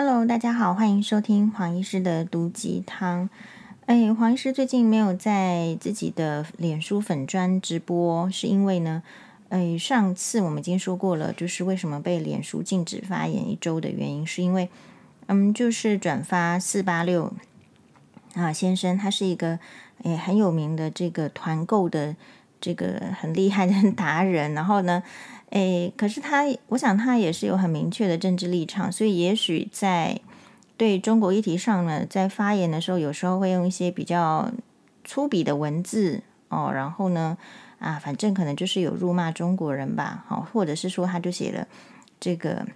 Hello，大家好，歡迎收聽黃醫師的毒雞湯。哎，黃醫師最近沒有在自己的臉書粉專直播，是因為呢，哎，上次我們已經說過了，就是為什麼被臉書禁止發言一周的原因，是因為，嗯，就是轉發486啊先生，他是一個誒很有名的這個團購的這個很厲害的達人，然後呢。誒，可是他，我想他也是有很明確的政治立場，所以也許在對中國議題上呢，在發言的時候，有時候會用一些比較粗鄙的文字哦，然後呢，啊，反正可能就是有辱罵中國人吧，好、哦，或者是說他就寫了這個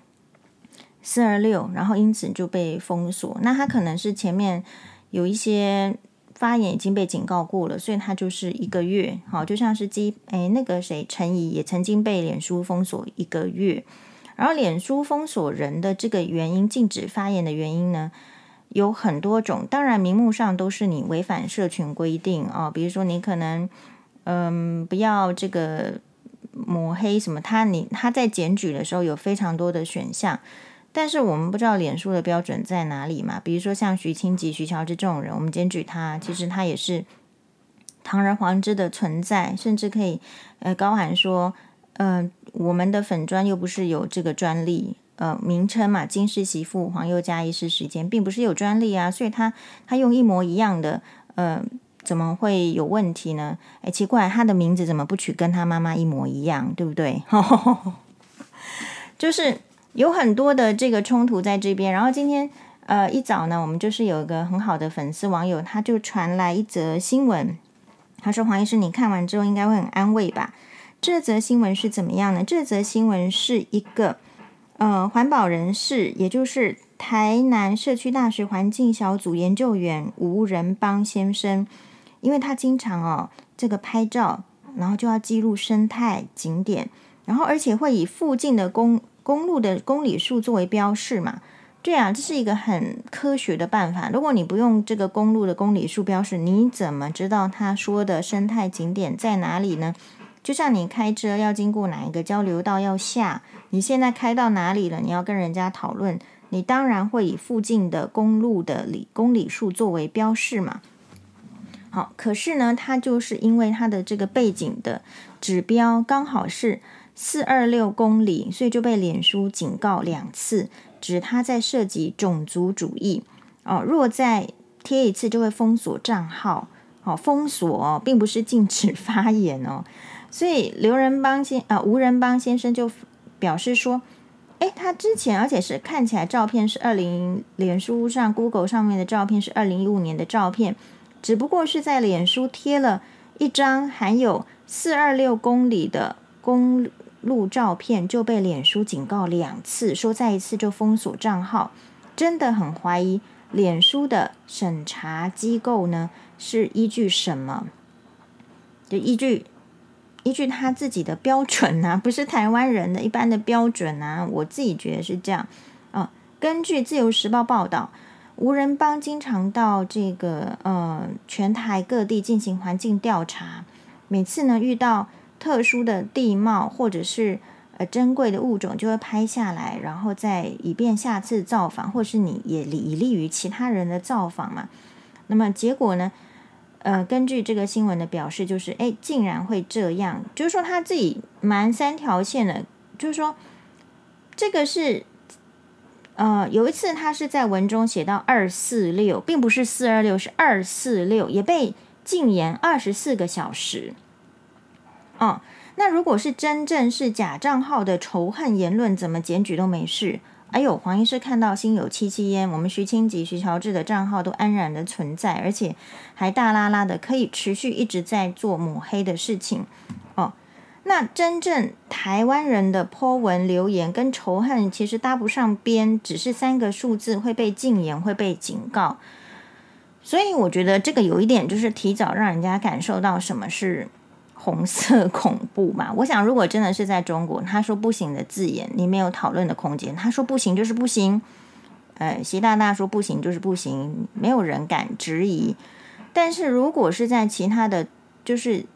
四二六，然後因此就被封鎖。那他可能是前面有一些。發言已經被警告過了，所以他就是一個月。好，就像是基誒、哎，那個誰陳怡也曾經被臉書封鎖一個月，然後臉書封鎖人的這個原因，禁止發言的原因呢，有很多種。當然，名目上都是你違反社群規定啊、哦，比如說你可能嗯、呃、不要這個抹黑什麼，他你他在檢舉的時候有非常多的選項。但是我們不知道臉書的標準在哪裡嘛。比如說像徐清吉、徐喬治這種人，我們檢舉他，其實他也是堂而皇之的存在，甚至可以呃高喊說，嗯、呃，我們的粉專又不是有這個專利呃名稱嘛，金氏媳婦黃宥嘉一世時間，並不是有專利啊，所以他他用一模一樣的，呃，怎麼會有問題呢？哎，奇怪，他的名字怎麼不取跟他媽媽一模一樣，對不對？ 就是。有很多的這個衝突在這邊。然後今天呃一早呢，我們就是有一個很好的粉絲網友，他就傳來一則新聞，他說：“黃醫生，你看完之後應該會很安慰吧？”這則新聞是怎麼樣呢？這則新聞是一個呃環保人士，也就是台南社區大學環境小組研究員吳仁邦先生，因為他經常哦這個拍照，然後就要記錄生態景點，然後而且會以附近的公公路的公里數作為標示嘛，對啊，這是一個很科學的辦法。如果你不用這個公路的公里數標示，你怎麼知道他說的生態景點在哪裡呢？就像你開車要經過哪一個交流道要下，你現在開到哪裡了？你要跟人家討論，你當然會以附近的公路的公里數作為標示嘛。好，可是呢，它就是因為它的這個背景的指標剛好是。四二六公里，所以就被臉書警告兩次，指他在涉及種族主義哦。若再貼一次，就會封鎖賬號哦。封鎖並不是禁止發言哦。所以劉仁邦先啊、呃，吳仁邦先生就表示說，誒，他之前而且是看起來照片是二零臉書上 Google 上面的照片是二零一五年的照片，只不過是在臉書貼了一張含有四二六公里的公。錄照片就被臉書警告兩次，說再一次就封鎖賬號，真的很懷疑臉書的審查機構呢是依據什麼？就依據依據他自己的標準吶、啊，不是台灣人的一般的標準吶、啊。我自己覺得是這樣啊、呃。根據《自由時報》報道，吳仁邦經常到這個嗯、呃、全台各地進行環境調查，每次呢遇到。特殊的地貌或者是呃珍貴的物種，就會拍下來，然後再以便下次造訪，或是你也以利於其他人的造訪嘛。那麼結果呢？呃，根據這個新聞的表示，就是哎、欸，竟然會這樣，就是說他自己蠻三條線的，就是說這個是呃有一次他是在文中寫到二四六，並不是四二六，是二四六，也被禁言二十四個小時。哦，那如果是真正是假賬號的仇恨言論，怎麼檢舉都沒事。哎呦，黃醫師看到心有戚戚焉。我們徐清吉、徐喬治的賬號都安然的存在，而且還大剌剌的可以持續一直在做抹黑的事情。哦，那真正台灣人的 PO 文留言跟仇恨其實搭不上邊，只是三個數字會被禁言，會被警告。所以我覺得這個有一點就是提早讓人家感受到什麼是。紅色恐怖嘛，我想如果真的是在中國，他說不行的字眼，你沒有討論的空間。他說不行就是不行，呃，習大大說不行就是不行，沒有人敢質疑。但是如果是在其他的就是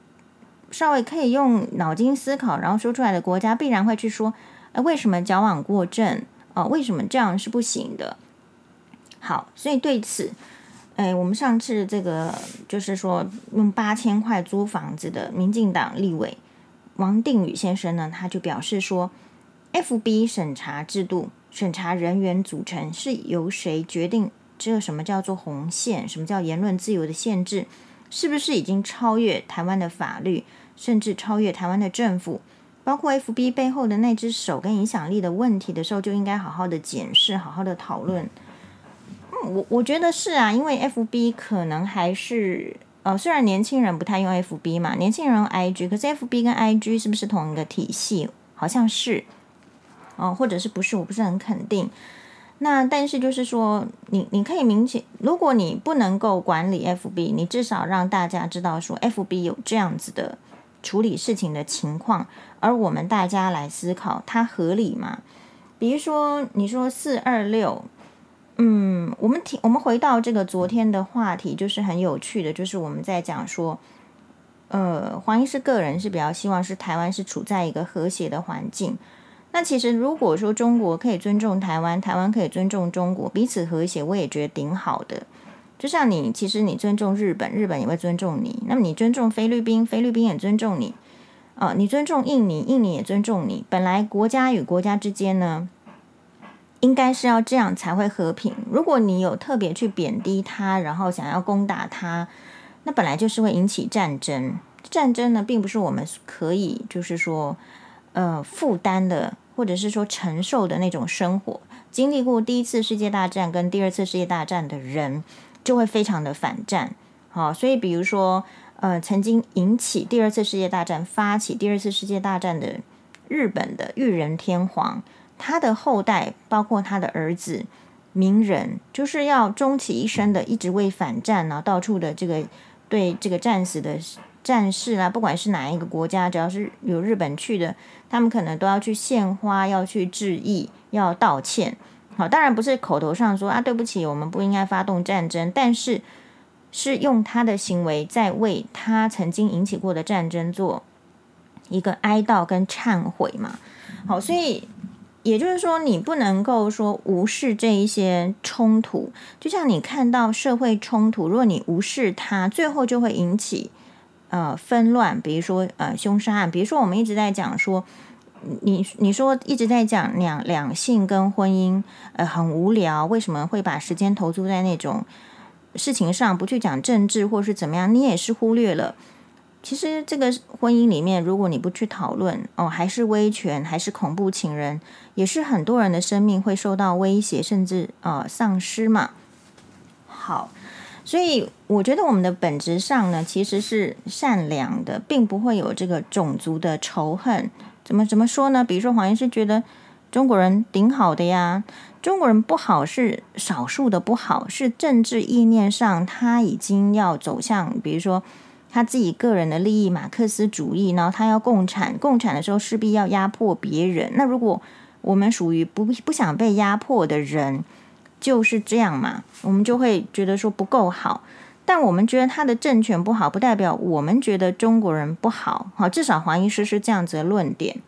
稍微可以用腦筋思考然後說出來的國家，必然會去說，呃，為什麼矯枉過正？呃，為什麼這樣是不行的？好，所以對此。誒、哎，我們上次這個就是說用八千塊租房子的民進黨立委王定宇先生呢，他就表示說，FB 審查制度審查人員組成是由誰決定？這個什麼叫做紅線？什麼叫言論自由的限制？是不是已經超越台灣的法律，甚至超越台灣的政府？包括 FB 背後的那只手跟影響力的問題的時候，就應該好好的檢視，好好的討論。我我覺得是啊，因為 F B 可能還是呃、哦，雖然年輕人不太用 F B 嘛，年輕人用 I G，可是 F B 跟 I G 是不是同一個體系？好像是，哦，或者是不是？我不是很肯定。那但是就是說，你你可以明顯，如果你不能夠管理 F B，你至少讓大家知道說 F B 有這樣子的處理事情的情況，而我們大家來思考它合理嗎？比如說，你說四二六。嗯，我們提我們回到這個昨天的話題，就是很有趣的，就是我們在講說，呃，黃醫師個人是比較希望是台灣是處在一個和諧的環境。那其實如果說中國可以尊重台灣，台灣可以尊重中國，彼此和諧，我也覺得挺好的。就像你，其實你尊重日本，日本也會尊重你；那麼你尊重菲律賓，菲律賓也尊重你；啊、呃，你尊重印尼，印尼也尊重你。本來國家與國家之間呢？應該是要這樣才會和平。如果你有特別去貶低他，然後想要攻打他，那本來就是會引起戰爭。戰爭呢，並不是我們可以就是說，呃，負擔的，或者是說承受的那種生活。經歷過第一次世界大戰跟第二次世界大戰的人，就會非常的反戰。好，所以比如說，呃，曾經引起第二次世界大戰、發起第二次世界大戰的日本的裕仁天皇。他的後代，包括他的兒子，名人，就是要終其一生的一直為反戰、啊，然後到處的這個對這個戰死的戰士啦、啊，不管是哪一個國家，只要是有日本去的，他們可能都要去獻花，要去致意，要道歉。好，當然不是口頭上說啊，對不起，我們不應該發動戰爭，但是是用他的行為在為他曾經引起過的戰爭做一個哀悼跟懺悔嘛。好，所以。也就是說，你不能夠說無視這一些衝突，就像你看到社會衝突，如果你無視它，最後就會引起呃紛亂。比如說呃兇殺案，比如說我們一直在講說，你你說一直在講兩兩性跟婚姻呃很無聊，為什麼會把時間投注在那種事情上，不去講政治或是怎麼樣？你也是忽略了。其實這個婚姻裡面，如果你不去討論哦，還是威權，還是恐怖情人，也是很多人的生命會受到威脅，甚至啊、呃、喪失嘛。好，所以我覺得我們的本質上呢，其實是善良的，並不會有這個種族的仇恨。怎麼怎麼說呢？比如說黃岩是覺得中國人頂好的呀，中國人不好是少數的不好，是政治意念上他已經要走向，比如說。他自己個人的利益，馬克思主義呢？他要共產，共產的時候勢必要壓迫別人。那如果我們屬於不不想被壓迫的人，就是這樣嘛。我們就會覺得說不夠好。但我們覺得他的政權不好，不代表我們覺得中國人不好。好，至少黃醫師是這樣子的論點。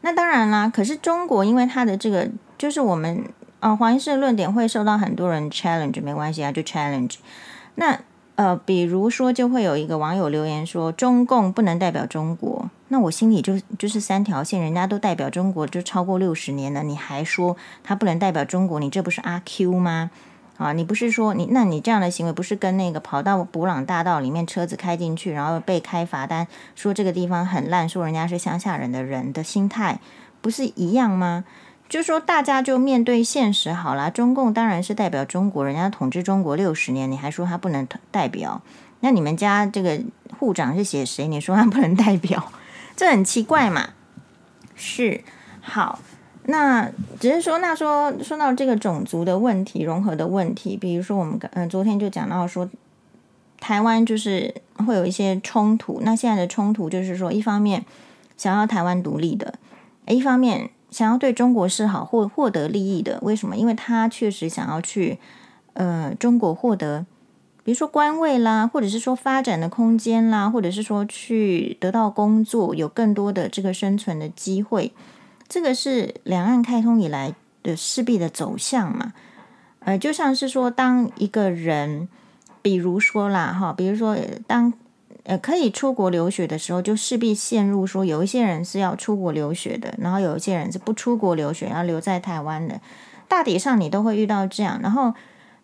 那當然啦，可是中國因為他的這個，就是我們呃，黃醫師的論點會受到很多人 challenge，沒關係啊，就 challenge。那。呃，比如說，就會有一個網友留言說，中共不能代表中國，那我心裡就就是三條線，人家都代表中國，就超過六十年了，你還說他不能代表中國，你這不是阿 Q 嗎？啊，你不是說你，那你這樣的行為不是跟那個跑到布朗大道裡面車子開進去，然後被開罰單，說這個地方很爛，說人家是鄉下人的人的心態，不是一樣嗎？就說大家就面對現實好了，中共當然是代表中國，人家統治中國六十年，你還說他不能代表？那你們家這個戶長是寫誰？你說他不能代表，這很奇怪嘛。是好，那只是說，那說說到這個種族的問題、融合的問題，比如說我們嗯、呃，昨天就講到說，台灣就是會有一些衝突，那現在的衝突就是說，一方面想要台灣獨立的，一方面。想要對中國示好獲，獲得利益的，為什麼？因為他確實想要去，呃，中國獲得，比如說官位啦，或者是說發展的空間啦，或者是說去得到工作，有更多的這個生存的機會。這個是兩岸開通以來的勢必的走向嘛。呃，就像是說，當一個人，比如說啦，哈，比如說當。呃，可以出國留學的時候，就勢必陷入說，有一些人是要出國留學的，然後有一些人是不出國留學，要留在台灣的。大體上你都會遇到這樣，然後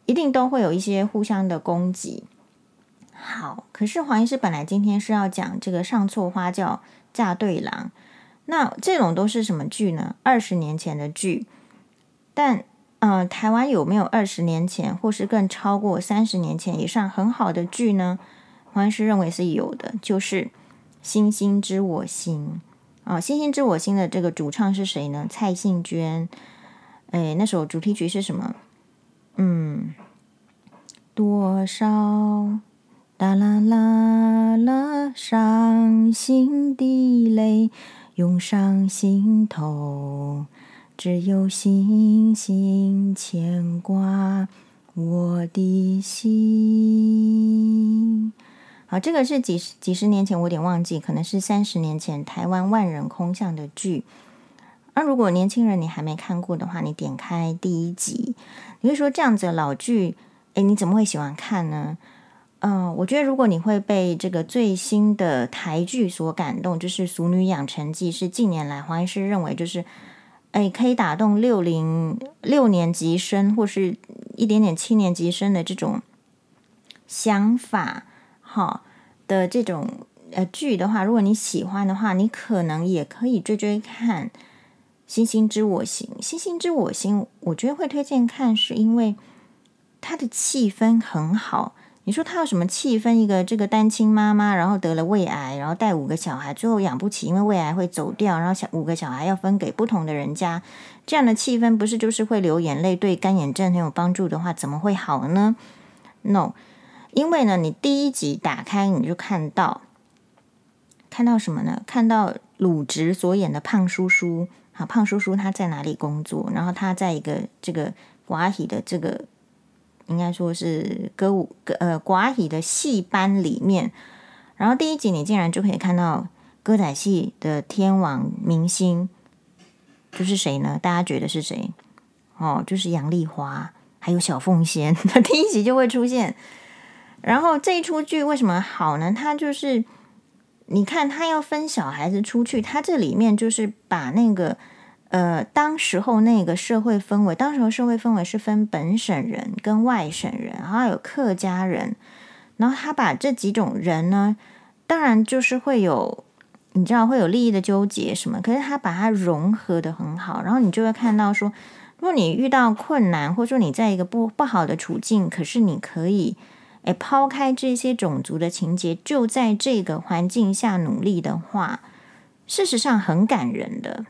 一定都會有一些互相的攻擊。好，可是黃醫師本來今天是要講這個“上錯花轎嫁對郎”，那這種都是什麼劇呢？二十年前的劇，但嗯、呃，台灣有沒有二十年前或是更超過三十年前以上很好的劇呢？我是認為是有的，就是星星知我心、哦，《星星知我心》啊，《星星知我心》的這個主唱是誰呢？蔡幸娟。誒、哎，那首主題曲是什麼？嗯，多少？啦啦啦啦，傷心的淚湧上心頭，只有星星牽掛我的心。好，這個是幾十幾十年前，我有點忘記，可能是三十年前台灣萬人空巷的劇。而、啊、如果年輕人你還沒看過的話，你點開第一集，你會說這樣子的老劇，哎，你怎麼會喜歡看呢？嗯、呃，我覺得如果你會被這個最新的台劇所感動，就是《俗女養成記》，是近年來黃醫師認為就是哎，可以打動六零六年級生或是一點點七年級生的這種想法。好，的這種呃劇的話，如果你喜歡的話，你可能也可以追追看《星星知我心》。《星星知我心》，我覺得會推薦看，是因為它的氣氛很好。你說它有什麼氣氛？一個這個單親媽媽，然後得了胃癌，然後帶五個小孩，最後養不起，因為胃癌會走掉，然後小五個小孩要分給不同的人家，這樣的氣氛不是就是會流眼淚，對乾眼症很有幫助的話，怎麼會好呢？No。因為呢，你第一集打開你就看到，看到什麼呢？看到魯直所演的胖叔叔啊，胖叔叔他在哪裡工作？然後他在一個這個寡體的這個，應該說是歌舞呃寡體的戲班裡面。然後第一集你竟然就可以看到歌仔戲的天王明星，就是誰呢？大家覺得是誰？哦，就是楊麗花還有小鳳仙。 第一集就會出現。然後這一出劇為什麼好呢？他就是，你看，他要分小孩子出去，他這裡面就是把那個呃，當時候那個社會氛圍，當時候社會氛圍是分本省人跟外省人，然後還有客家人，然後他把這幾種人呢，當然就是會有，你知道會有利益的糾結什麼，可是他把它融合得很好，然後你就會看到說，如果你遇到困難，或者說你在一個不不好的處境，可是你可以。誒，拋開這些種族的情節，就在這個環境下努力的話，事實上很感人的。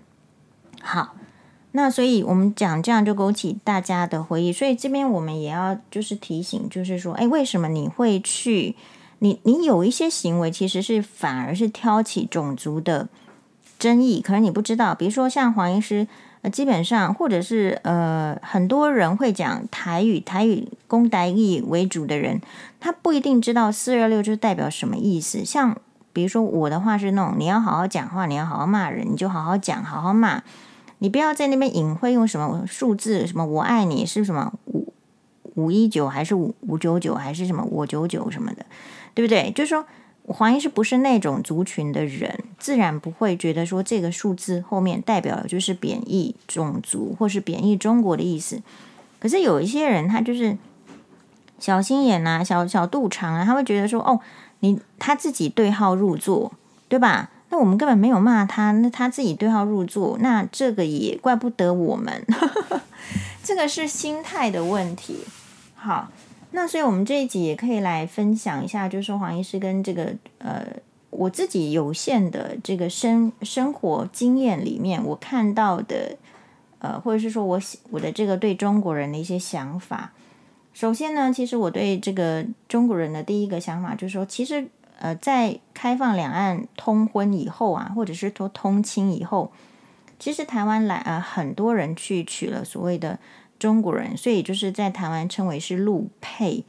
好，那所以我們講這樣就勾起大家的回憶，所以這邊我們也要就是提醒，就是說，誒，為什麼你會去？你你有一些行為其實是反而是挑起種族的爭議，可能你不知道，比如說像黃醫師。基本上，或者是呃，很多人會講台語，台語公台語為主的人，他不一定知道四二六就代表什麼意思。像比如說我的話是那種，你要好好講話，你要好好罵人，你就好好講，好好罵，你不要在那邊隱晦用什麼數字，什麼我愛你是什麼五五一九還是五五九九還是什麼我九九什麼的，對不對？就是說。我懷疑是不是那種族群的人，自然不會覺得說這個數字後面代表的就是貶義種族或是貶義中國的意思。可是有一些人，他就是小心眼啊，小小肚腸啊，他會覺得說：“哦，你他自己對號入座，對吧？那我們根本沒有罵他，那他自己對號入座，那這個也怪不得我們， 這個是心態的問題。”好。那所以，我們這一集也可以來分享一下，就是黃醫師跟這個呃我自己有限的這個生生活經驗裡面，我看到的呃，或者是說我我的這個對中國人的一些想法。首先呢，其實我對這個中國人的第一個想法就是說，其實呃，在開放兩岸通婚以後啊，或者是說通親以後，其實台灣來呃很多人去娶了所謂的。中國人，所以就是在台灣稱為是陸配。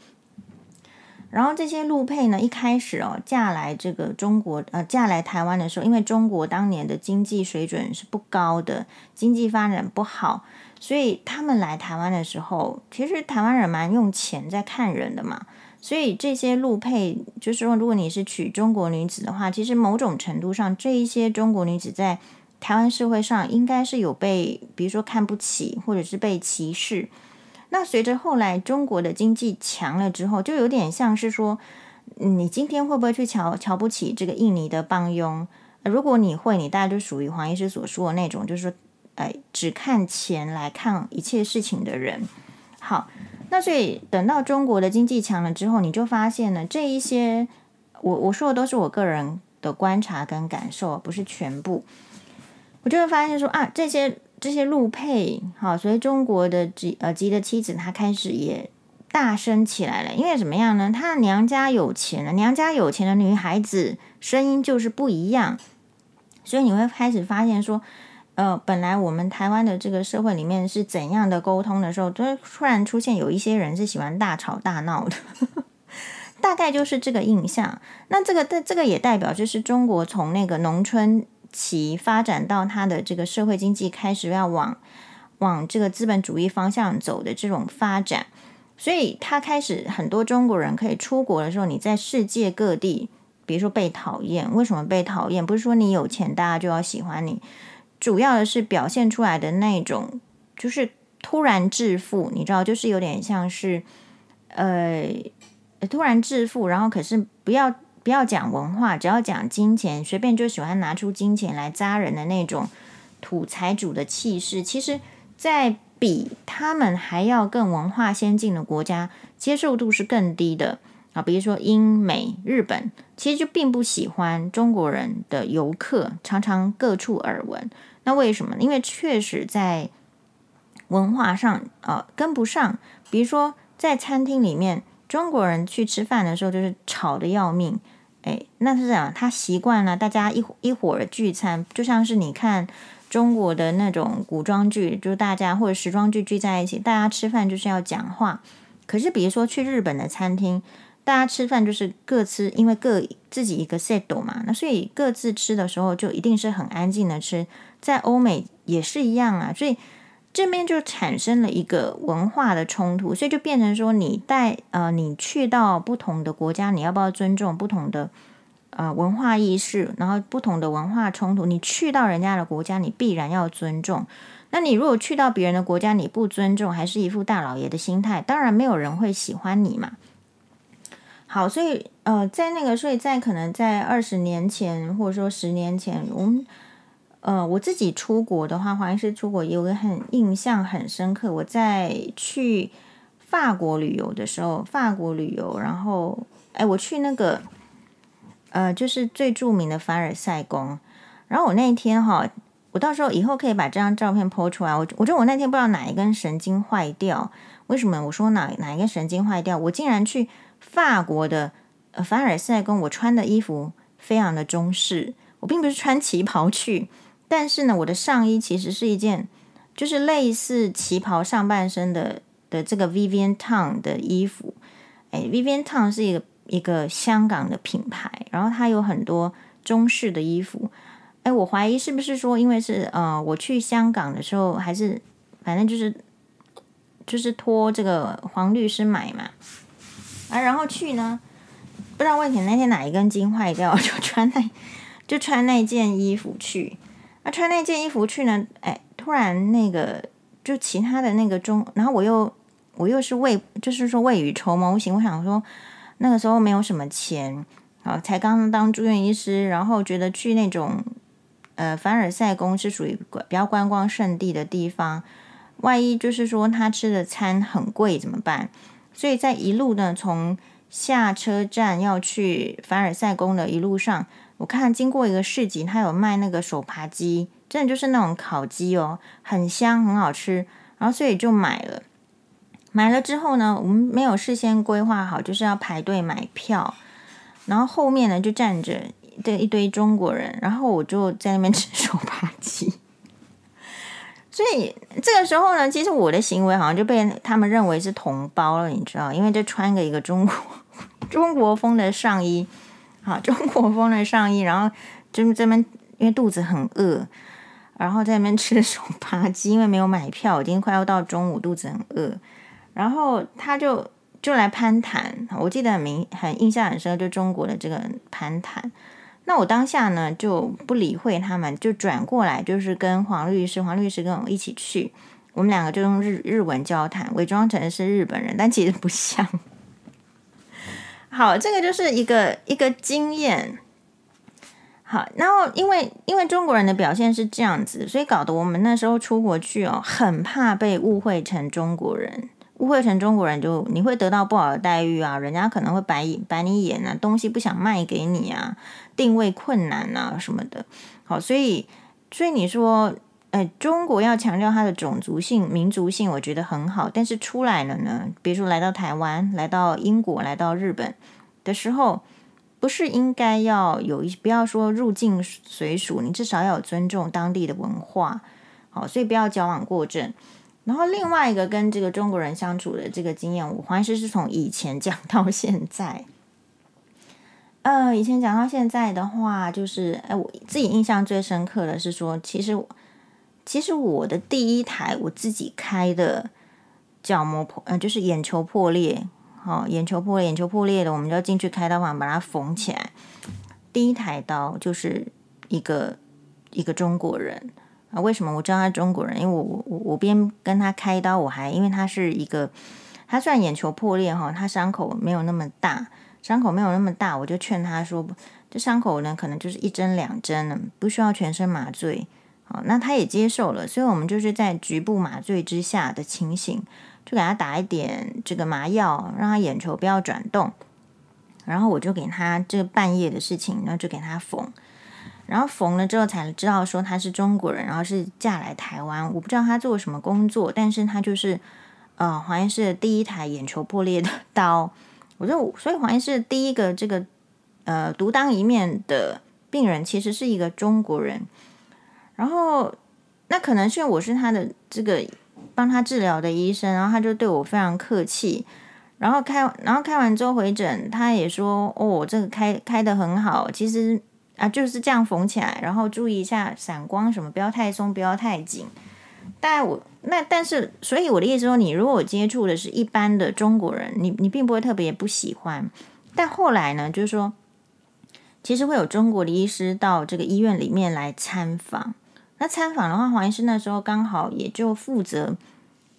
然後這些陸配呢，一開始哦嫁來這個中國，呃嫁來台灣的時候，因為中國當年的經濟水準是不高的，經濟發展不好，所以他們來台灣的時候，其實台灣人蠻用錢在看人的嘛。所以這些陸配，就是說如果你是娶中國女子的話，其實某種程度上，這一些中國女子在。台灣社會上應該是有被，比如說看不起，或者是被歧視。那隨着後來中國的經濟強了之後，就有點像是說，你今天會不會去瞧瞧不起這個印尼的幫傭？如果你會，你大概就屬於黃醫師所說的那種，就是說，哎、呃，只看錢來看一切事情的人。好，那所以等到中國的經濟強了之後，你就發現呢，這一些，我我說的都是我個人的觀察跟感受，不是全部。我就會發現說啊，這些這些陸配好，所以中國的籍呃籍的妻子，她開始也大聲起來了。因為怎麼樣呢？她娘家有錢了，娘家有錢的女孩子聲音就是不一樣。所以你會開始發現說，呃，本來我們台灣的這個社會裡面是怎樣的溝通的時候，突突然出現有一些人是喜歡大吵大鬧的， 大概就是這個印象。那這個這這個也代表就是中國從那個農村。其發展到他的這個社會經濟開始要往往這個資本主義方向走的這種發展，所以他開始很多中國人可以出國的時候，你在世界各地，比如說被討厭，為什麼被討厭？不是說你有錢大家就要喜歡你，主要的是表現出來的那種就是突然致富，你知道，就是有點像是呃，突然致富，然後可是不要。不要講文化，只要講金錢，隨便就喜歡拿出金錢來扎人的那種土財主的氣勢。其實，在比他們還要更文化先進的國家，接受度是更低的啊。比如說英美、日本，其實就並不喜歡中國人的遊客，常常各處耳聞。那為什麼？因為確實在文化上啊、呃、跟不上。比如說，在餐廳裡面，中國人去吃飯的時候，就是吵得要命。哎，那是這樣，他習慣了大家一一夥兒聚餐，就像是你看中國的那種古裝劇，就是大家或者時裝劇聚在一起，大家吃飯就是要講話。可是比如說去日本的餐廳，大家吃飯就是各吃，因為各自己一個 set 嘛，那所以各自吃的時候就一定是很安靜的吃。在歐美也是一樣啊，所以。這邊就產生了一個文化的衝突，所以就變成說，你帶呃，你去到不同的國家，你要不要尊重不同的呃文化意識，然後不同的文化衝突，你去到人家的國家，你必然要尊重。那你如果去到別人的國家，你不尊重，還是一副大老爺的心態，當然沒有人會喜歡你嘛。好，所以呃，在那個，所以在可能在二十年前，或者說十年前，我們，嗯。呃，我自己出國的話，華裔是出國有個很印象很深刻。我在去法國旅遊的時候，法國旅遊，然後哎，我去那個呃，就是最著名的凡爾賽宮。然後我那一天哈、哦，我到時候以後可以把這張照片 po 出來。我，我覺得我那天不知道哪一根神經壞掉。為什麼我說哪哪一個神經壞掉？我竟然去法國的凡爾賽宮，我穿的衣服非常的中式，我並不是穿旗袍去。但是呢，我的上衣其實是一件，就是類似旗袍上半身的的這個 Vivienne Tam 的衣服。哎，Vivienne Tam 是一個一個香港的品牌，然後它有很多中式的衣服。哎，我懷疑是不是說，因為是呃，我去香港的時候，還是反正就是就是托這個黃律師買嘛。啊，然後去呢，不知道為什麼那天哪一根筋壞掉，就穿那就穿那件衣服去。他穿那件衣服去呢？哎，突然那個就其他的那個中，然後我又我又是未就是說未雨綢繆，我想我想說那個時候沒有什麼錢啊，才剛當住院醫師，然後覺得去那種呃凡爾賽宮是屬於比較觀光勝地的地方，萬一就是說他吃的餐很貴怎麼辦？所以在一路呢，從下車站要去凡爾賽宮的一路上。我看經過一個市集，他有賣那個手扒雞，真的就是那種烤雞哦，很香，很好吃，然後所以就買了。買了之後呢，我們沒有事先規劃好，就是要排隊買票，然後後面呢就站着這一堆中國人，然後我就在那邊吃手扒雞。所以這個時候呢，其實我的行為好像就被他們認為是同胞了，你知道，因為就穿個一個中國中國風的上衣。好，中國風的上衣，然後就是這邊因為肚子很餓，然後在那邊吃手扒雞，因為沒有買票，已經快要到中午，肚子很餓，然後他就就來攀談，我記得很明很印象很深，就中國的這個攀談。那我當下呢就不理會他們，就轉過來就是跟黃律師，黃律師跟我一起去，我們兩個就用日日文交談，偽裝成是日本人，但其實不像。好，這個就是一個一個經驗。好，然後因為因為中國人的表現是這樣子，所以搞得我們那時候出國去哦，很怕被誤會成中國人，誤會成中國人就你會得到不好的待遇啊，人家可能會白你白你眼啊，東西不想賣給你啊，訂位困難啊什麼的。好，所以所以你說。哎、呃，中國要強調它的種族性、民族性，我覺得很好。但是出來了呢，比如說來到台灣、來到英國、來到日本的時候，不是應該要有一不要說入境隨俗，你至少要有尊重當地的文化，好，所以不要矯枉過正。然後另外一個跟這個中國人相處的這個經驗，我還是是從以前講到現在。呃，以前講到現在的話，就是哎、呃，我自己印象最深刻的是說，其實。其實我的第一台我自己開的角膜破，嗯、呃，就是眼球破裂，好、哦，眼球破裂，眼球破裂的，我們就要進去開刀房，把把它縫起來。第一台刀就是一個一個中國人啊，為什麼我知道他是中國人？因為我我我我邊跟他開刀，我還因為他是一個，他雖然眼球破裂哈、哦，他傷口沒有那麼大，傷口沒有那麼大，我就勸他說，這傷口呢，可能就是一針兩針的，不需要全身麻醉。哦，那他也接受了，所以我們就是在局部麻醉之下的情形，就給他打一點這個麻藥，讓他眼球不要轉動，然後我就給他這半夜的事情，然後就給他縫，然後縫了之後才知道說他是中國人，然後是嫁來台灣，我不知道他做什麼工作，但是他就是呃，黃醫師的第一台眼球破裂的刀，我就，所以黃醫師第一個這個呃獨當一面的病人，其實是一個中國人。然後，那可能是因為我是他的這個幫他治療的醫生，然後他就對我非常客氣。然後開，然後開完之後回診，他也說哦，這個開開的很好。其實啊，就是這樣縫起來，然後注意一下閃光什麼，不要太鬆，不要太緊。但我那但是，所以我的意思說，你如果接觸的是一般的中國人，你你並不會特別不喜歡。但後來呢，就是說，其實會有中國的醫師到這個醫院裡面來參訪。那參訪的話，黃醫師那時候剛好也就負責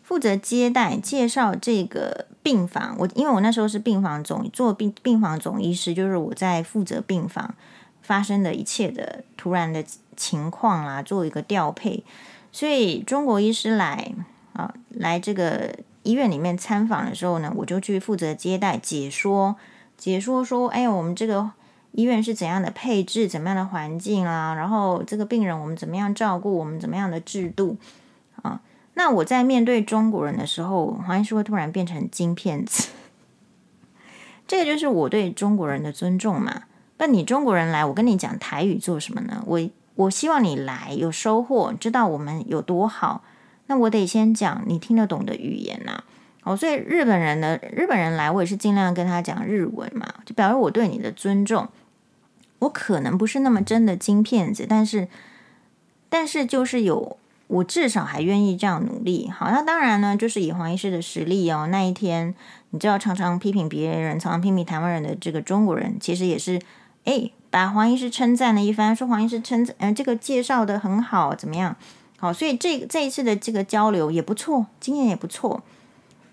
負責接待、介紹這個病房。我因為我那時候是病房總，做病病房總醫師，就是我在負責病房發生的一切的突然的情況啊，做一個調配。所以中國醫師來啊來這個醫院裡面參訪的時候呢，我就去負責接待、解說、解說說，哎，我們這個。醫院是怎樣的配置，怎樣的環境啦、啊？然後這個病人我們怎麼樣照顧？我們怎麼樣的制度啊？那我在面對中國人的時候，我還是會突然變成京片子。這個就是我對中國人的尊重嘛。但你中國人來，我跟你講台語做什麼呢？我我希望你來有收穫，知道我們有多好。那我得先講你聽得懂的語言吶、啊。哦，所以日本人的日本人來，我也是盡量跟他講日文嘛，就表示我對你的尊重。我可能不是那麼真的金騙子，但是但是就是有我至少還願意這樣努力。好，那當然呢，就是以黃醫師的實力哦。那一天，你知道，常常批評別人，常常批評台灣人的這個中國人，其實也是哎，把黃醫師稱讚了一番，說黃醫師稱讚，嗯、呃，這個介紹得很好，怎麼樣？好，所以這這一次的這個交流也不錯，經驗也不錯。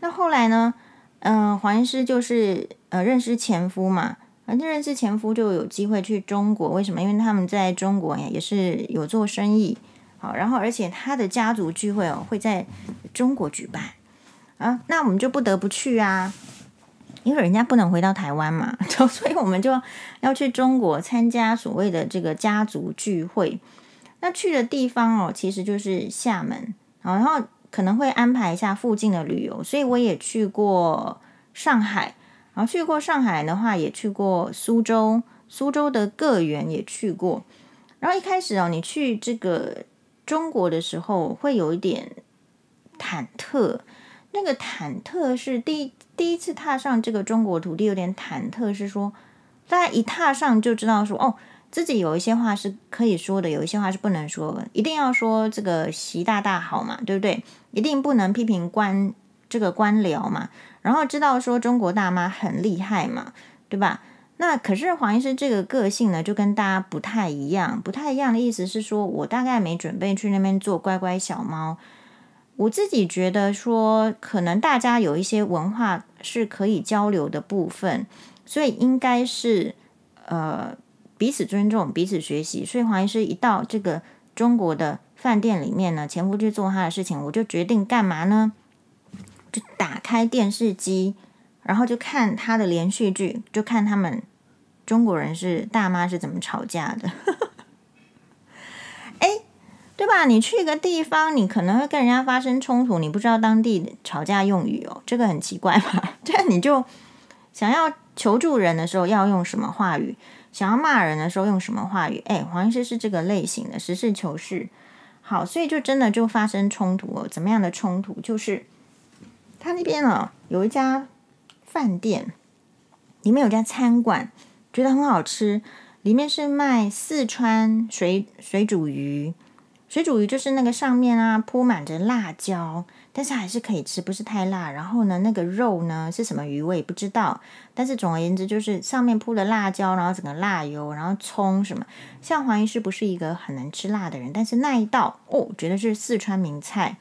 後來呢？嗯、呃，黃醫師就是呃認識前夫嘛，反正認識前夫就有機會去中國。為什麼？因為他們在中國呀也是有做生意，好，然後而且他的家族聚會哦會在中國舉辦啊，那我們就不得不去啊，因為人家不能回到台灣嘛就，所以我們就要去中國參加所謂的這個家族聚會。那去的地方哦其實就是廈門，好，然後。可能會安排一下附近的旅遊，所以我也去過上海，然後去過上海的話，也去過蘇州，蘇州的個園也去過。然後一開始哦，你去這個中國的時候會有一點忐忑，那個忐忑是第一第一次踏上這個中國土地有點忐忑，是說大家一踏上就知道說哦。自己有一些話是可以說的，有一些話是不能說的。一定要說這個習大大好嘛，對不對？一定不能批評官這個官僚嘛。然後知道說中國大媽很厲害嘛，對吧？那可是黃醫師這個個性呢，就跟大家不太一樣，不太一樣的意思是說，我大概沒準備去那邊做乖乖小貓。我自己覺得說，可能大家有一些文化是可以交流的部分，所以應該是呃。彼此尊重，彼此學習。所以黃醫師一到這個中國的飯店裡面呢,前夫去做他的事情，我就決定幹嘛呢？就打開電視機，然後就看他的連續劇，就看他們中國人是大媽是怎麼吵架的。 誒，對吧？你去一個地方，你可能會跟人家發生衝突，你不知道當地吵架用語哦，這個很奇怪嘛。這樣你就想要求助人的時候要用什麼話語？想要罵人的時候用什麼話語？哎，黃醫師是這個類型的，實事求是。好，所以就真的就發生衝突哦。怎麼樣的衝突？就是他那邊呢、哦，有一家飯店，裡面有一家餐館，覺得很好吃。裡面是賣四川水水煮魚，水煮魚就是那個上面啊鋪滿着辣椒。但是還是可以吃，不是太辣。然後呢，那個肉呢是什麼魚味也不知道。但是總而言之，就是上面鋪了辣椒，然後整個辣油，然後蔥什麼。像黃醫師不是一個很能吃辣的人，但是那一道哦，覺得是四川名菜。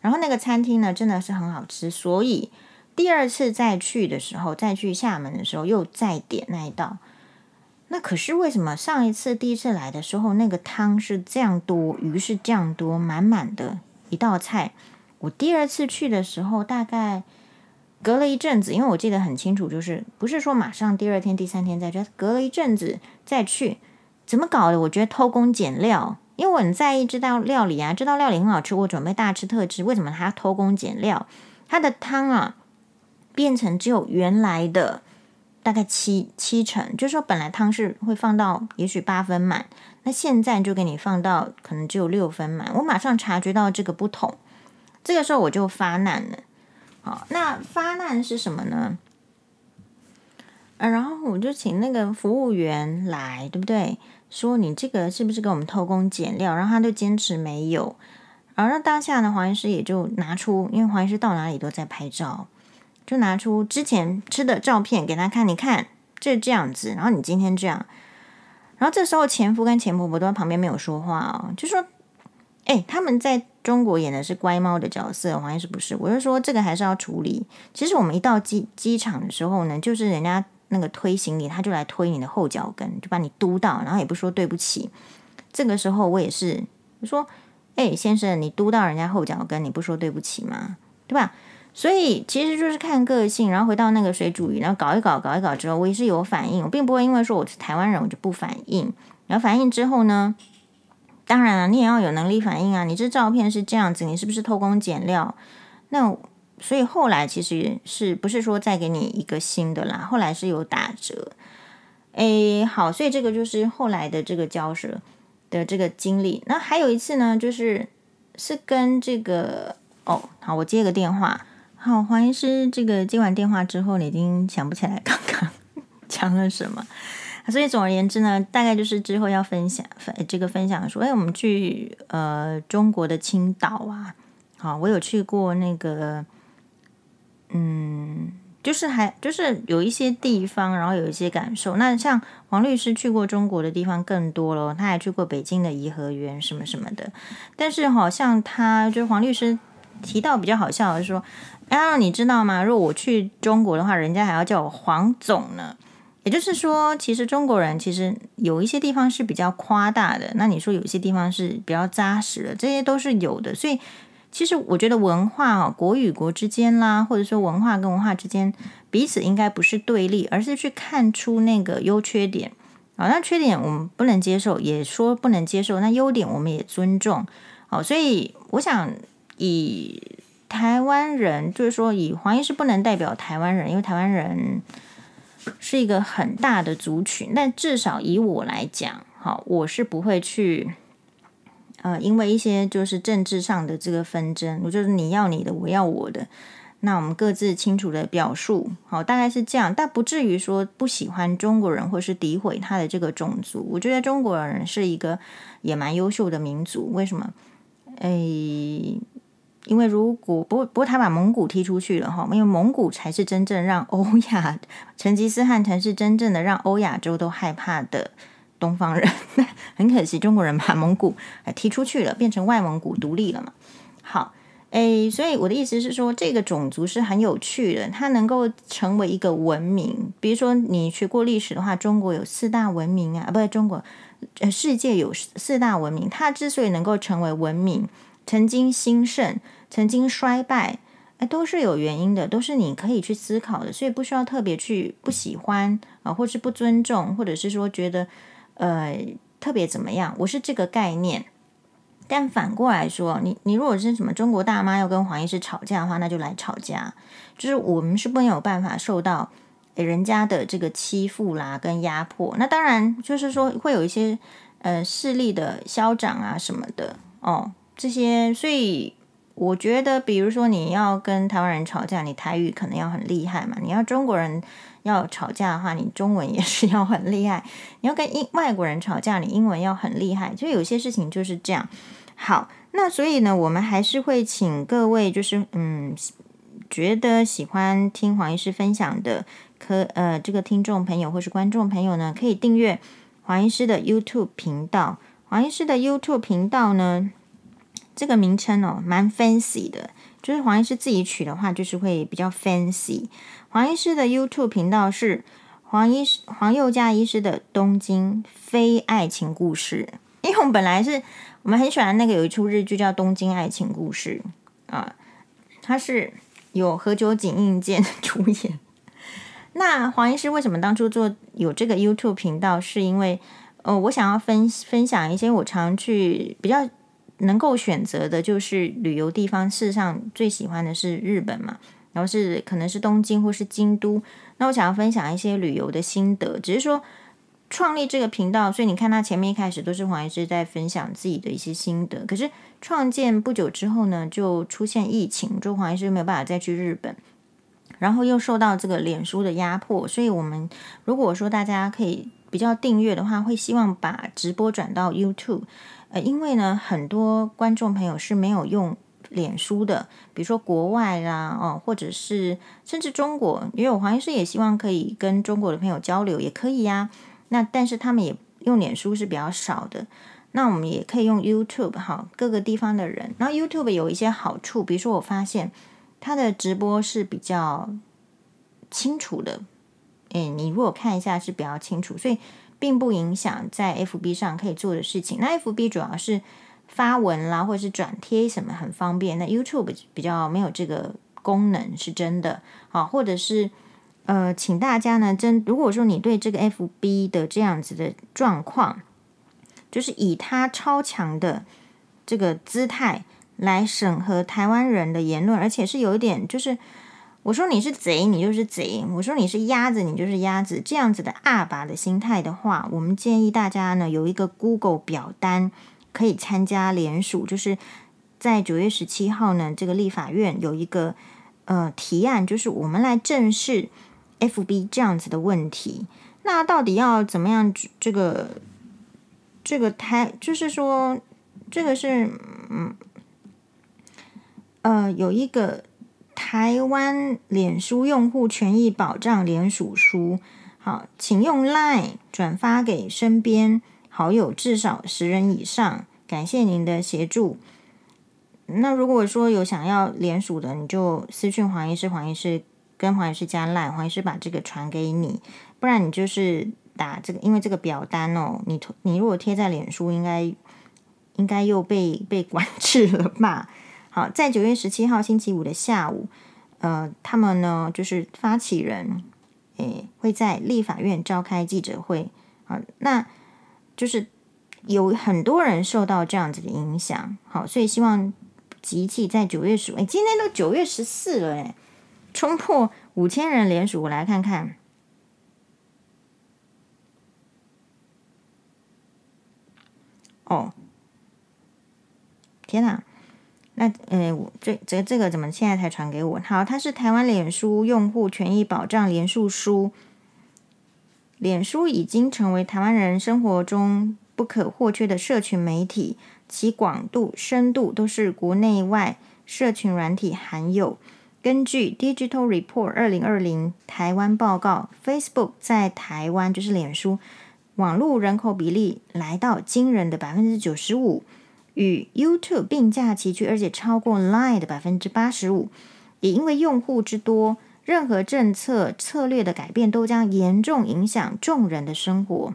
然後那個餐廳呢，真的是很好吃，所以第二次再去的時候，再去廈門的時候又再點那一道。那可是為什麼上一次第一次來的時候，那個湯是這樣多，魚是這樣多，滿滿的一道菜？我第二次去的時候，大概隔了一陣子，因為我記得很清楚，就是不是說馬上第二天、第三天再去，隔了一陣子再去，怎麼搞的？我覺得偷工減料，因為我很在意這道料理啊，這道料理很好吃，我準備大吃特吃，為什麼他偷工減料？他的湯啊，變成只有原來的大概七七成，就是說本來湯是會放到也許八分滿，那現在就給你放到可能只有六分滿，我馬上察覺到這個不同。這個時候我就發難了，好，那發難是什麼呢？嗯、啊，然後我就請那個服務員來，對不對？說你這個是不是給我們偷工減料？然後他就堅持沒有，然後讓當下呢，黃醫師也就拿出，因為黃醫師到哪裡都在拍照，就拿出之前吃的照片給他看，你看就這樣子，然後你今天這樣，然後這時候前夫跟前婆婆都在旁邊沒有說話哦，就說，哎，他們在。中國演的是乖貓的角色，王一是不是？我就說這個還是要處理。其實我們一到機機場的時候呢，就是人家那個推行李，他就來推你的後腳跟，就把你督到，然後也不說對不起。這個時候我也是，我說：“哎，先生，你督到人家後腳跟，你不說對不起嗎？對吧？”所以其實就是看個性。然後回到那個水煮魚，然後搞一搞，搞一搞之後，我也是有反應。我並不會因為說我是台灣人，我就不反應。然後反應之後呢？當然了啊，你也要有能力反應啊！你這照片是這樣子，你是不是偷工減料？那所以後來其實是不是說再給你一個新的啦？後來是有打折，哎，好，所以這個就是後來的這個交涉的這個經歷。那還有一次呢，就是是跟這個哦，好，我接個電話。好，黃醫師，這個接完電話之後，你已經想不起來剛剛講了什麼。所以總而言之呢，大概就是之後要分享分這個分享說，說哎，我們去呃中國的青島啊，好，我有去過那個，嗯，就是還就是有一些地方，然後有一些感受。那像黃律師去過中國的地方更多咯，他還去過北京的頤和園什麼什麼的。但是好像他就是黃律師提到比較好笑的說，說、啊、哎，你知道嗎？如果我去中國的話，人家還要叫我黃總呢。也就是說，其實中國人其實有一些地方是比較誇大的，那你說有一些地方是比較扎實的，這些都是有的。所以，其實我覺得文化啊，國與國之間啦，或者說文化跟文化之間，彼此應該不是對立，而是去看出那個優缺點啊。那缺點我們不能接受，也說不能接受；那優點我們也尊重。哦，所以我想以台灣人，就是說以華裔是不能代表台灣人，因為台灣人。是一個很大的族群，但至少以我來講，好，我是不會去，呃，因為一些就是政治上的這個紛爭，我就是你要你的，我要我的，那我們各自清楚的表述，好，大概是這樣，但不至於說不喜歡中國人或是詆毀他的這個種族。我覺得中國人是一個也蠻優秀的民族，為什麼？誒、哎。因為如果不不過他把蒙古踢出去了哈，因為蒙古才是真正讓歐亞成吉思汗，才是真正的讓歐亞洲都害怕的東方人。 很可惜，中國人把蒙古踢出去了，變成外蒙古獨立了嘛。好，誒，所以我的意思是說，這個種族是很有趣的，它能夠成為一個文明。比如說，你學過歷史的話，中國有四大文明啊，不是中國、呃、世界有四大文明，它之所以能夠成為文明，曾經興盛。曾經衰敗，哎，都是有原因的，都是你可以去思考的，所以不需要特別去不喜歡啊，或是不尊重，或者是說覺得呃特別怎麼樣。我是這個概念。但反過來說，你你如果是什麼中國大媽要跟黃醫師吵架的話，那就來吵架。就是我們是不能有辦法受到，哎，人家的這個欺負啦跟壓迫。那當然就是說會有一些呃勢力的囂張啊什麼的哦，這些所以。我覺得，比如說你要跟台灣人吵架，你台語可能要很厲害嘛；你要中國人要吵架的話，你中文也是要很厲害；你要跟英外國人吵架，你英文要很厲害。就有些事情就是這樣。好，那所以呢，我們還是會請各位，就是嗯，覺得喜歡聽黃醫師分享的可，可呃，這個聽眾朋友或是觀眾朋友呢，可以訂閱黃醫師的 YouTube 頻道。黃醫師的 YouTube 頻道呢？這個名稱哦，蠻 fancy 的，就是黃醫師自己取的話，就是會比較 fancy。黃醫師的 YouTube 頻道是黃醫師黃宥嘉醫師的《東京非愛情故事》。因為我們本來是，我們很喜歡那個有一出日劇叫《東京愛情故事》啊，他是有何九錦、印的主演。那黃醫師為什麼當初做有這個 YouTube 頻道，是因為呃，我想要分分享一些我常去比較，能夠選擇的就是旅遊地方，世上最喜歡的是日本嘛，然後是可能是東京或是京都。那我想要分享一些旅遊的心得，只是說創立這個頻道，所以你看他前面一開始都是黃醫師在分享自己的一些心得。可是創建不久之後呢，就出現疫情，就黃醫師沒有辦法再去日本，然後又受到這個臉書的壓迫，所以我們如果說大家可以比較訂閱的話，會希望把直播轉到 YouTube。呃，因為呢，很多觀眾朋友是沒有用臉書的，比如說國外啦，哦，或者是甚至中國，因為我黃醫師也希望可以跟中國的朋友交流，也可以呀。那但是他們也用臉書是比較少的，那我們也可以用 YouTube，好，各個地方的人。然後 YouTube 有一些好處，比如說我發現它的直播是比較清楚的，哎，你如果看一下是比較清楚，所以。並不影響在 FB 上可以做的事情。那 FB 主要是發文啦，或者是轉貼什麼很方便。那 YouTube 比較沒有這個功能，是真的。好，或者是呃，請大家呢真如果說你對這個 FB 的這樣子的狀況，就是以他超強的這個姿態來審核台灣人的言論，而且是有一點就是。我說你是賊，你就是賊；我說你是鴨子，你就是鴨子。這樣子的阿爸的心態的話，我們建議大家呢，有一個 Google 表單可以參加聯署，就是在九月十七號呢，這個立法院有一個呃提案，就是我們來正視 FB 這樣子的問題。那到底要怎麼樣？這個這個他，就是說這個是嗯呃有一個。台灣臉書用戶權益保障聯署書，好，請用 LINE 轉發給身邊好友至少十人以上，感謝您的協助。那如果說有想要聯署的，你就私訊黃醫師，黃醫師跟黃醫師加 LINE，黃醫師把這個傳給你，不然你就是打這個，因為這個表單哦，你你如果貼在臉書，應該應該又被被管制了吧？好，在九月十七號星期五的下午，呃，他們呢就是發起人，誒、欸，會在立法院召開記者會。好、呃，那就是有很多人受到這樣子的影響。好，所以希望集氣在九月十五，哎，今天都九月十四了、欸，誒，衝破五千人聯署，我來看看。哦，天哪！那，嗯，我、這、這個、這個怎麼現在才傳給我？好，它是台灣臉書用戶權益保障連署書。臉書已經成為台灣人生活中不可或缺的社群媒體，其廣度、深度都是國內外社群軟體罕有。根據《Digital Report 二零二零台灣報告》，Facebook 在台灣就是臉書，網絡人口比例來到驚人的百分之九十五。與 YouTube 並駕齊驅，而且超過 Line 的百分之八十五，也因為用戶之多，任何政策策略的改變都將嚴重影響眾人的生活。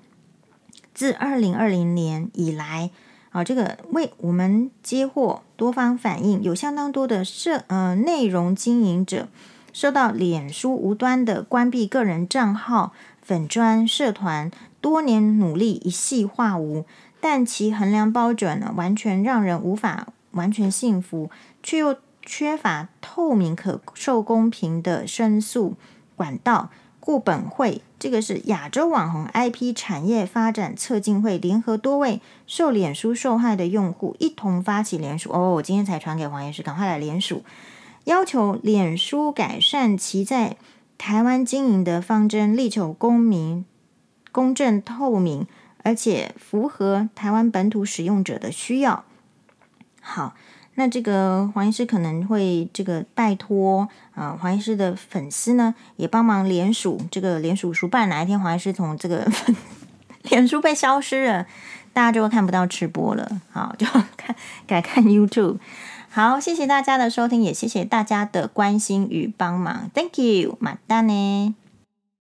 自二零二零年以來，啊，這個為我們接獲多方反映，有相當多的社呃內容經營者受到臉書無端的關閉個人賬號、粉專社團多年努力一細化無。但其衡量標準呢，完全讓人無法完全信服，卻又缺乏透明、可受公平的申訴管道。故本會這個是亞洲網紅 IP 產業發展策進會聯合多位受臉書受害的用戶一同發起連署。哦，我今天才傳給黃院士，趕快來連署，要求臉書改善其在台灣經營的方針，力求公平、公正、透明。而且符合台灣本土使用者的需要。好，那這個黃醫師可能會這個拜托，啊、呃、黃醫師的粉絲呢也幫忙連署，這個連署書，不然哪一天黃醫師從這個臉書被消失了，大家就看不到直播了。好，就看改看 YouTube。好，謝謝大家的收聽，也謝謝大家的關心與幫忙。Thank you，買單呢。